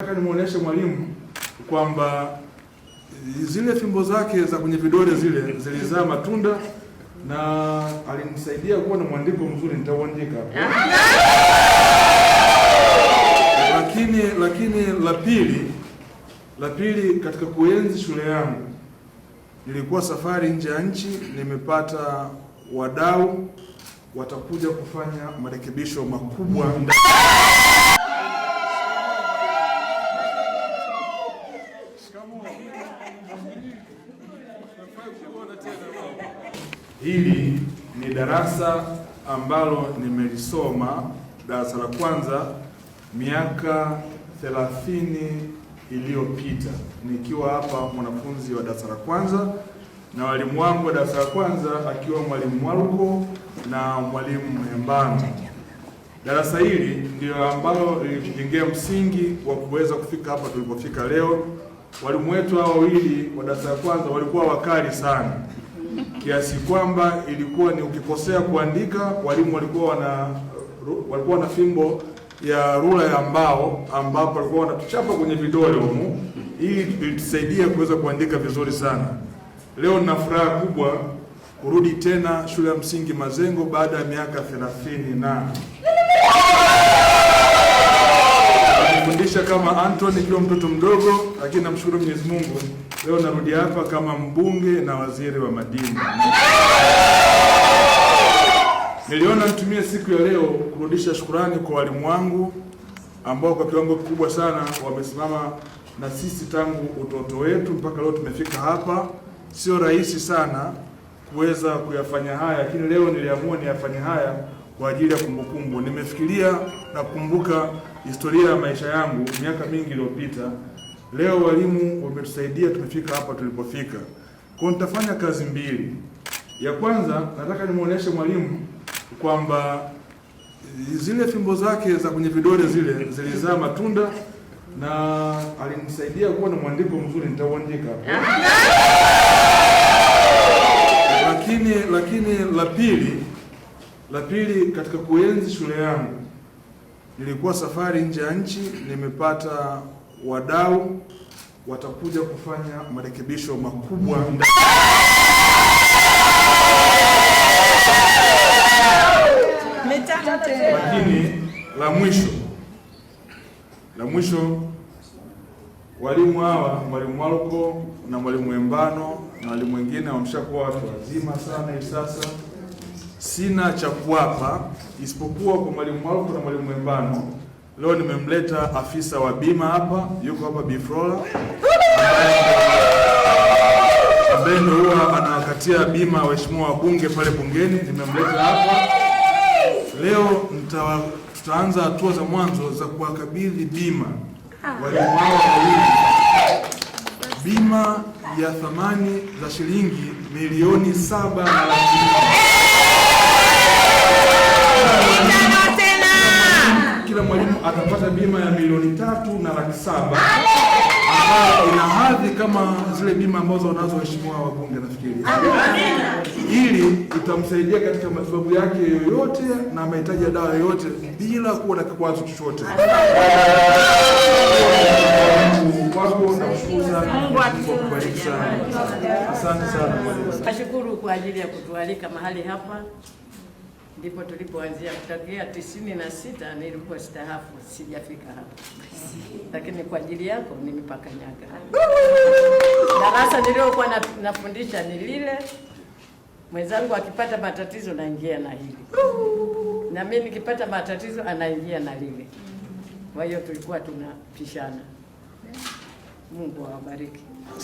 Nataka nimuoneshe mwalimu kwamba zile fimbo zake za kwenye vidole zile zilizaa matunda na alinisaidia kuwa na mwandiko mzuri, nitauandika lakini lakini la pili la pili, katika kuenzi shule yangu nilikuwa safari nje ya nchi, nimepata wadau watakuja kufanya marekebisho makubwa ndani Hili ni darasa ambalo nimelisoma darasa la kwanza miaka thelathini iliyopita nikiwa hapa mwanafunzi wa darasa la kwanza na walimu wangu wa darasa la kwanza akiwa mwalimu Mwaruko na mwalimu Hembana. Darasa hili ndio ambalo lilijengea msingi wa kuweza kufika hapa tulipofika leo Walimu wetu hao wawili wa darasa la kwanza walikuwa wakali sana kiasi kwamba ilikuwa ni ukikosea kuandika, walimu walikuwa wana walikuwa na fimbo ya rula ya mbao ambapo walikuwa wanatuchapa kwenye vidole humu ili tusaidie kuweza kuandika vizuri sana. Leo nina furaha kubwa kurudi tena shule ya msingi Mazengo baada ya miaka thelathini na Nimeanzisha kama Anton nikiwa mtoto mdogo, lakini namshukuru Mwenyezi Mungu leo narudi hapa kama mbunge na waziri wa madini. Niliona nitumie siku ya leo kurudisha shukurani kwa walimu wangu ambao kwa kiwango kikubwa sana wamesimama na sisi tangu utoto wetu mpaka leo tumefika hapa. Sio rahisi sana kuweza kuyafanya haya, lakini leo niliamua niyafanye haya kwa ajili ya kumbukumbu. Nimefikiria na kukumbuka historia ya maisha yangu miaka mingi iliyopita, leo walimu wametusaidia tumefika hapa tulipofika. Kwa nitafanya kazi mbili. Ya kwanza nataka nimuoneshe mwalimu kwamba zile fimbo zake za kwenye vidole zile zilizaa matunda na alinisaidia kuwa na mwandiko mzuri, nitauandika lakini lakini la pili la pili katika kuenzi shule yangu Nilikuwa safari nje ya nchi, nimepata wadau watakuja kufanya marekebisho makubwa lakini la mwisho la mwisho, walimu hawa, mwalimu Waluko na mwalimu Embano na walimu wengine wameshakuwa watu wazima sana hivi sasa sina cha kuwapa isipokuwa kwa mwalimu wangu na mwalimu Mwembano. Leo nimemleta afisa wa bima hapa, yuko hapa Bifrola ambaye ndio huwa anawakatia bima waheshimiwa wabunge pale bungeni. Nimemleta hapa leo tutaanza hatua za mwanzo za kuwakabidhi bima walimu wao wawili bima ya thamani za shilingi milioni saba na laki kila mwalimu atapata bima ya milioni tatu na laki saba ina hadhi kama zile bima ambazo wanazo waheshimiwa wabunge, nafikiri ili itamsaidia katika matibabu yake yoyote na mahitaji ya dawa yoyote bila kuwa na kikwazo chochote. Asante sana nashukuru kwa ajili ya kutualika mahali hapa ndipo tulipoanzia kutakia tisini na sita stahafu sijafika hapo, lakini kwa ajili yako nyaga. Darasa niliokuwa nafundisha ni lile, mwenzangu akipata matatizo naingia na hili, na mimi nikipata matatizo anaingia na lile. Kwa hiyo tulikuwa tunapishana. Mungu awabariki.